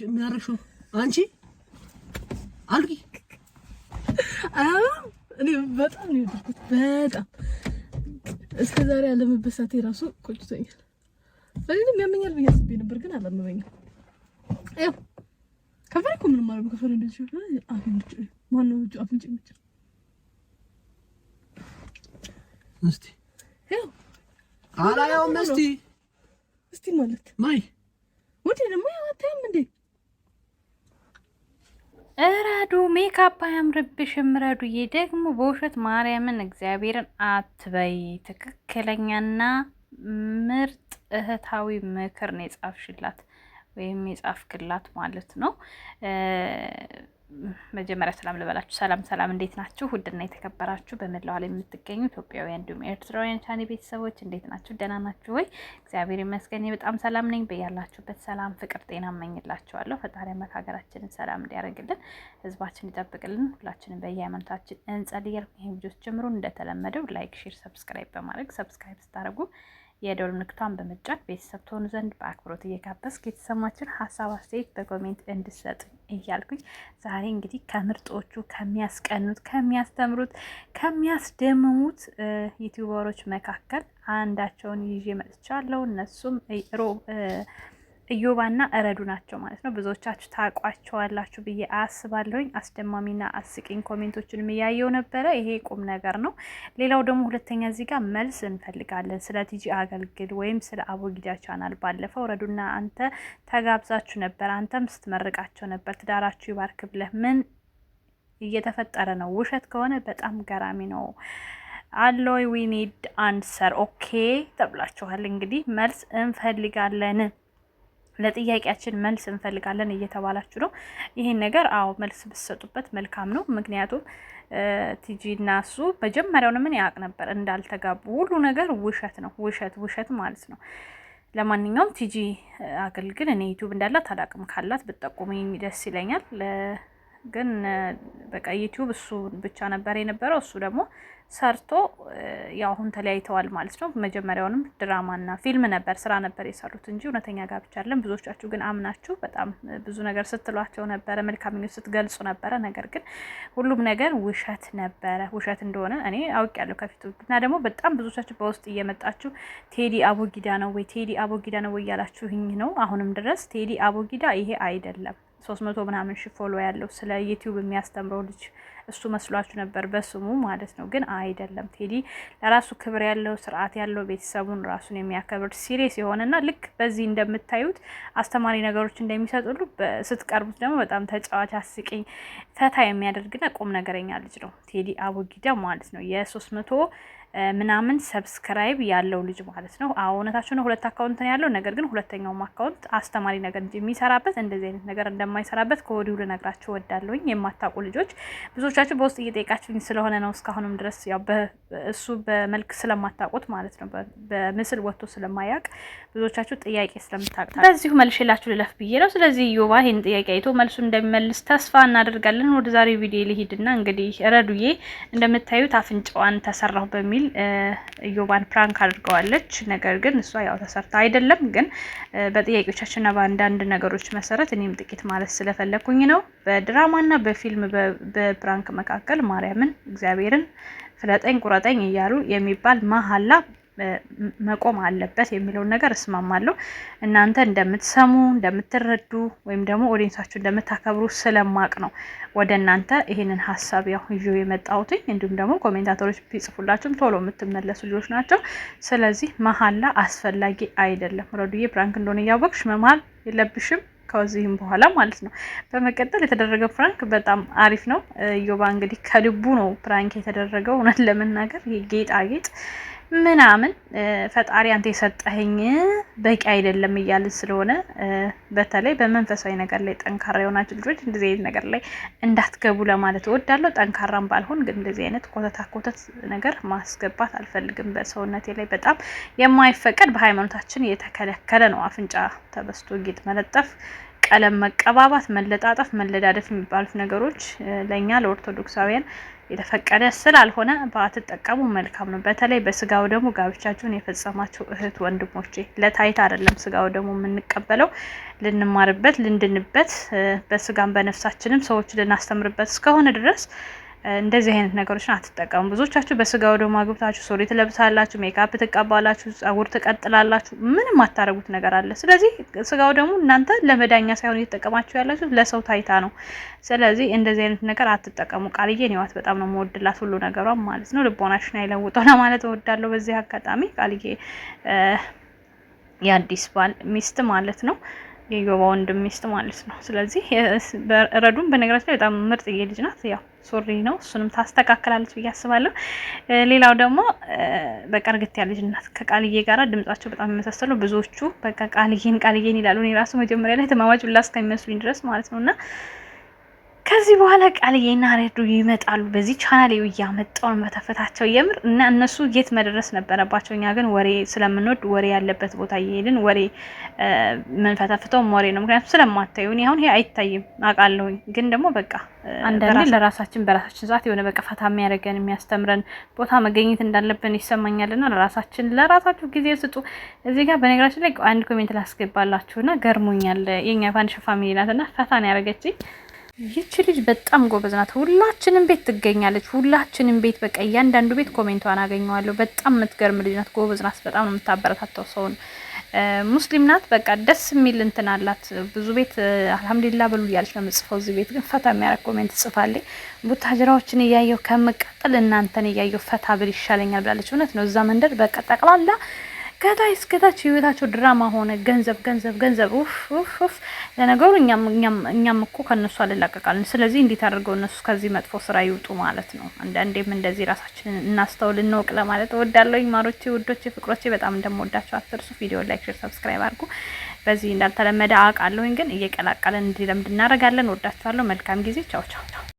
የሚያረግሽው አንቺ አልጊ እኔ በጣም ነው የወደድኩት። በጣም እስከ ዛሬ ያለመበሳቴ ራሱ ቆጭቶኛል። እኔንም ያመኛል ብዬ አስቤ ነበር፣ ግን አላመመኝም። ያው ከፈሪ እኮ ምንም አላለም። ከፈሪ እንደዚህ ማነው እጁ አፍንጭ ምጭ እስቲ አላየውም። እስቲ እስቲ ማለት ማይ ወዲህ ደግሞ ያው አታይም እንዴ እረዱ ሜካፕ አያምርብሽም። እረዱዬ ደግሞ በውሸት ማርያምን እግዚአብሔርን አትበይ። ትክክለኛና ምርጥ እህታዊ ምክር ነው የጻፍሽላት ወይም የጻፍክላት ማለት ነው። መጀመሪያ ሰላም ልበላችሁ። ሰላም ሰላም፣ እንዴት ናችሁ? ውድና የተከበራችሁ በመላው ዓለም የምትገኙ ኢትዮጵያውያን እንዲሁም ኤርትራውያን ቻኒ ቤተሰቦች እንዴት ናችሁ? ደህና ናችሁ ወይ? እግዚአብሔር ይመስገን በጣም ሰላም ነኝ። በያላችሁበት ሰላም፣ ፍቅር፣ ጤና እመኝላችኋለሁ። ፈጣሪ አምላክ ሀገራችንን ሰላም እንዲያደርግልን፣ ህዝባችን ይጠብቅልን። ሁላችንም በየሃይማኖታችን እንጸልያል። ይህን ቪዲዮስ ጀምሮ እንደተለመደው ላይክ፣ ሼር፣ ሰብስክራይብ በማድረግ ሰብስክራይብ ስታደርጉ የደወል ምልክቷን በመጫን ቤተሰብ ትሆኑ ዘንድ በአክብሮት እየጋበዝኩ የተሰማችን ሀሳብ አስተያየት በኮሜንት እንድሰጥ እያልኩኝ ዛሬ እንግዲህ ከምርጦቹ ከሚያስቀኑት፣ ከሚያስተምሩት፣ ከሚያስደምሙት ዩቲዩበሮች መካከል አንዳቸውን ይዤ መጥቻለሁ። እነሱም ሮ እዮባና እረዱ ናቸው ማለት ነው። ብዙዎቻችሁ ታቋቸዋላችሁ ብዬ አስባለሁኝ። አስደማሚና አስቂኝ ኮሜንቶችን እያየው ነበረ። ይሄ ቁም ነገር ነው። ሌላው ደግሞ ሁለተኛ እዚህ ጋር መልስ እንፈልጋለን ስለ ቲጂ አገልግል ወይም ስለ አቦጊዳ ቻናል። ባለፈው ረዱና አንተ ተጋብዛችሁ ነበር፣ አንተም ስትመርቃቸው ነበር። ትዳራችሁ ይባርክ ብለህ ምን እየተፈጠረ ነው? ውሸት ከሆነ በጣም ገራሚ ነው። አሎይ ዊኒድ አንሰር ኦኬ ተብላችኋል። እንግዲህ መልስ እንፈልጋለን። ለጥያቄያችን መልስ እንፈልጋለን እየተባላችሁ ነው። ይሄን ነገር አዎ መልስ ብትሰጡበት መልካም ነው። ምክንያቱም ቲጂ እና እሱ መጀመሪያውን ምን ያውቅ ነበር እንዳልተጋቡ። ሁሉ ነገር ውሸት ነው፣ ውሸት ውሸት ማለት ነው። ለማንኛውም ቲጂ አገልግል እኔ ዩቲዩብ እንዳላት አላቅም ካላት ብጠቁመኝ ደስ ይለኛል። ግን በቃ ዩቲዩብ እሱ ብቻ ነበር የነበረው። እሱ ደግሞ ሰርቶ ያው አሁን ተለያይተዋል ማለት ነው። መጀመሪያውንም ድራማና ፊልም ነበር ስራ ነበር የሰሩት እንጂ እውነተኛ ጋብቻ አለን ብዙዎቻችሁ ግን አምናችሁ በጣም ብዙ ነገር ስትሏቸው ነበረ፣ መልካም ስትገልጹ ነበረ። ነገር ግን ሁሉም ነገር ውሸት ነበረ። ውሸት እንደሆነ እኔ አውቄያለሁ ከፊቱ እና ደግሞ በጣም ብዙዎቻችሁ በውስጥ እየመጣችሁ ቴዲ አቦጊዳ ነው ወይ ቴዲ አቦጊዳ ነው ወይ ይህኝ ነው አሁንም ድረስ ቴዲ አቦጊዳ ይሄ አይደለም ሶስት መቶ ምናምን ሺ ፎሎ ያለው ስለ ዩቲዩብ የሚያስተምረው ልጅ እሱ መስሏችሁ ነበር በስሙ ማለት ነው። ግን አይደለም። ቴዲ ለራሱ ክብር ያለው ስርዓት ያለው ቤተሰቡን ራሱን የሚያከብር ሲሪየስ የሆነና ልክ በዚህ እንደምታዩት አስተማሪ ነገሮች እንደሚሰጥ ሁሉ ስትቀርቡት ደግሞ በጣም ተጫዋች፣ አስቂኝ፣ ፈታ የሚያደርግና ቁም ነገረኛ ልጅ ነው ቴዲ አቡጊዳ ማለት ነው የሶስት መቶ ምናምን ሰብስክራይብ ያለው ልጅ ማለት ነው። አዎ እውነታችሁ ነው። ሁለት አካውንት ነው ያለው። ነገር ግን ሁለተኛውም አካውንት አስተማሪ ነገር የሚሰራበት እንደዚህ አይነት ነገር እንደማይሰራበት ከወዲሁ ልነግራችሁ እወዳለሁኝ። የማታውቁ ልጆች ብዙዎች ብዙዎቻችሁ በውስጥ እየጠየቃችሁኝ ስለሆነ ነው። እስካሁንም ድረስ ያው እሱ በመልክ ስለማታውቁት ማለት ነው፣ በምስል ወጥቶ ስለማያውቅ ብዙዎቻችሁ ጥያቄ ስለምታውቁ መልሽ መልሼላችሁ ልለፍ ብዬ ነው። ስለዚህ ዮባ ይህን ጥያቄ አይቶ መልሱን እንደሚመልስ ተስፋ እናደርጋለን። ወደ ዛሬው ቪዲዮ ልሂድና እንግዲህ ረዱዬ እንደምታዩት አፍንጫዋን ተሰራሁ በሚል ዮባን ፕራንክ አድርገዋለች። ነገር ግን እሷ ያው ተሰርታ አይደለም፣ ግን በጥያቄዎቻችንና በአንዳንድ ነገሮች መሰረት እኔም ጥቂት ማለት ስለፈለኩኝ ነው በድራማና በፊልም በፕራንክ አምላክ መካከል ማርያምን እግዚአብሔርን ፍለጠኝ ቁረጠኝ እያሉ የሚባል መሀላ መቆም አለበት የሚለውን ነገር እስማማለሁ። እናንተ እንደምትሰሙ እንደምትረዱ፣ ወይም ደግሞ ኦዲንሳችሁ እንደምታከብሩ ስለማቅ ነው ወደ እናንተ ይህንን ሀሳብ ያው ይዞ የመጣሁትኝ። እንዲሁም ደግሞ ኮሜንታተሮች ቢጽፉላችሁም ቶሎ የምትመለሱ ልጆች ናቸው። ስለዚህ መሀላ አስፈላጊ አይደለም። ረዱዬ ፕራንክ እንደሆነ እያወቅሽ መማል የለብሽም። ከዚህም በኋላ ማለት ነው። በመቀጠል የተደረገው ፕራንክ በጣም አሪፍ ነው። ዮባ እንግዲህ ከልቡ ነው ፕራንክ የተደረገው እውነት ለመናገር ጌጣጌጥ ምናምን ፈጣሪ አንተ የሰጠኸኝ በቂ አይደለም እያልን ስለሆነ በተለይ በመንፈሳዊ ነገር ላይ ጠንካራ የሆናችሁ ልጆች እንደዚህ አይነት ነገር ላይ እንዳትገቡ ለማለት እወዳለሁ። ጠንካራም ባልሆን ግን እንደዚህ አይነት ኮተታ ኮተት ነገር ማስገባት አልፈልግም። በሰውነቴ ላይ በጣም የማይፈቀድ በሃይማኖታችን የተከለከለ ነው። አፍንጫ ተበስቶ ጌጥ መለጠፍ ቀለም መቀባባት፣ መለጣጠፍ፣ መለዳደፍ የሚባሉት ነገሮች ለእኛ ለኦርቶዶክሳውያን የተፈቀደ ስላልሆነ ባትጠቀሙ መልካም ነው። በተለይ በስጋው ደግሞ ጋብቻችሁን የፈጸማችሁ እህት ወንድሞቼ፣ ለታይት አይደለም ስጋው ደግሞ የምንቀበለው ልንማርበት፣ ልንድንበት፣ በስጋም በነፍሳችንም ሰዎች ልናስተምርበት እስከሆነ ድረስ እንደዚህ አይነት ነገሮችን አትጠቀሙ። ብዙዎቻችሁ በስጋ ወደ አግብታችሁ ሱሪ ትለብሳላችሁ፣ ሜካፕ ትቀባላችሁ፣ ጸጉር ትቀጥላላችሁ፣ ምንም አታረጉት ነገር አለ። ስለዚህ ስጋው ደግሞ እናንተ ለመዳኛ ሳይሆን እየተጠቀማችሁ ያላችሁ ለሰው ታይታ ነው። ስለዚህ እንደዚህ አይነት ነገር አትጠቀሙ። ቃልዬ ኔዋት በጣም ነው መወድላት ሁሉ ነገሯም ማለት ነው። ልቦናሽን አይለውጠው ለማለት እወዳለሁ። በዚህ አጋጣሚ ቃልዬ የአዲስ ባል ሚስት ማለት ነው የዮባ ወንድም ሚስት ማለት ነው። ስለዚህ ረዱም በነገራችን ላይ በጣም ምርጥ ልጅ ናት። ያው ሱሪ ነው፣ እሱንም ታስተካክላለች ብዬ አስባለሁ። ሌላው ደግሞ በቃ እርግት ያለች ናት። ከቃልዬ ጋራ ድምጻቸው በጣም የመሳሰሉ ብዙዎቹ በቃ ቃልዬን ቃልዬን ይላሉ። እኔ ራሱ መጀመሪያ ላይ ተማማጭ ብላ እስከሚመስሉኝ ድረስ ማለት ነው እና ከዚህ በኋላ ቃልዬና ያሬዱ ይመጣሉ። በዚህ ቻናል እያመጣውን መተፈታቸው የምር እና እነሱ የት መድረስ ነበረባቸው። እኛ ግን ወሬ ስለምንወድ ወሬ ያለበት ቦታ እየሄድን ወሬ ምንፈተፍተውም ወሬ ነው። ምክንያቱም ስለማታዩ እኔ አሁን ይሄ አይታይም አውቃለሁኝ። ግን ደግሞ በቃ አንዳንዴ ለራሳችን በራሳችን ሰዓት የሆነ በቃ ፈታ የሚያደርገን የሚያስተምረን ቦታ መገኘት እንዳለብን ይሰማኛልና ለራሳችን ለራሳችሁ ጊዜ ስጡ። እዚህ ጋር በነገራችን ላይ አንድ ኮሜንት ላስገባላችሁና ገርሞኛል። የኛ ፋንድሻ ፋሚሊ ናትና ፈታን ያደረገችኝ ይቺ ልጅ በጣም ጎበዝ ናት። ሁላችንም ቤት ትገኛለች። ሁላችንም ቤት በቃ እያንዳንዱ ቤት ኮሜንቷን አገኘዋለሁ። በጣም የምትገርም ልጅ ናት። ጎበዝ ናት። በጣም ነው የምታበረታተው ሰውን። ሙስሊም ናት። በቃ ደስ የሚል እንትን አላት። ብዙ ቤት አልሐምዱሊላ በሉ እያለች ነው የምጽፈው። እዚህ ቤት ግን ፈታ የሚያደርግ ኮሜንት ጽፋለች። ቡታጅራዎችን እያየሁ ከምቀጥል እናንተን እያየሁ ፈታ ብል ይሻለኛል ብላለች። እውነት ነው። እዛ መንደር በቃ ጠቅላላ ከታች እስከታች ህይወታቸው ድራማ ሆነ። ገንዘብ ገንዘብ ገንዘብ ኡፍ ኡፍ ለነገሩ እኛም እኛም እኮ ከነሱ አልላቀቃልን። ስለዚህ እንዴት አድርገው እነሱ ከዚህ መጥፎ ስራ ይውጡ ማለት ነው። አንዳንዴም እንደዚህ ራሳችንን እናስተውል፣ እንወቅ ለማለት እወዳለሁ። ማሮቼ፣ ውዶቼ፣ ፍቅሮቼ በጣም እንደምወዳቸው አትርሱ። ቪዲዮ ላይክ፣ ሼር፣ ሰብስክራይብ አድርጉ። በዚህ እንዳልተለመደ አውቃለሁኝ፣ ግን እየቀላቀለን እንዲለምድ እናደርጋለን። ወዳችኋለሁ። መልካም ጊዜ። ቻው ቻው።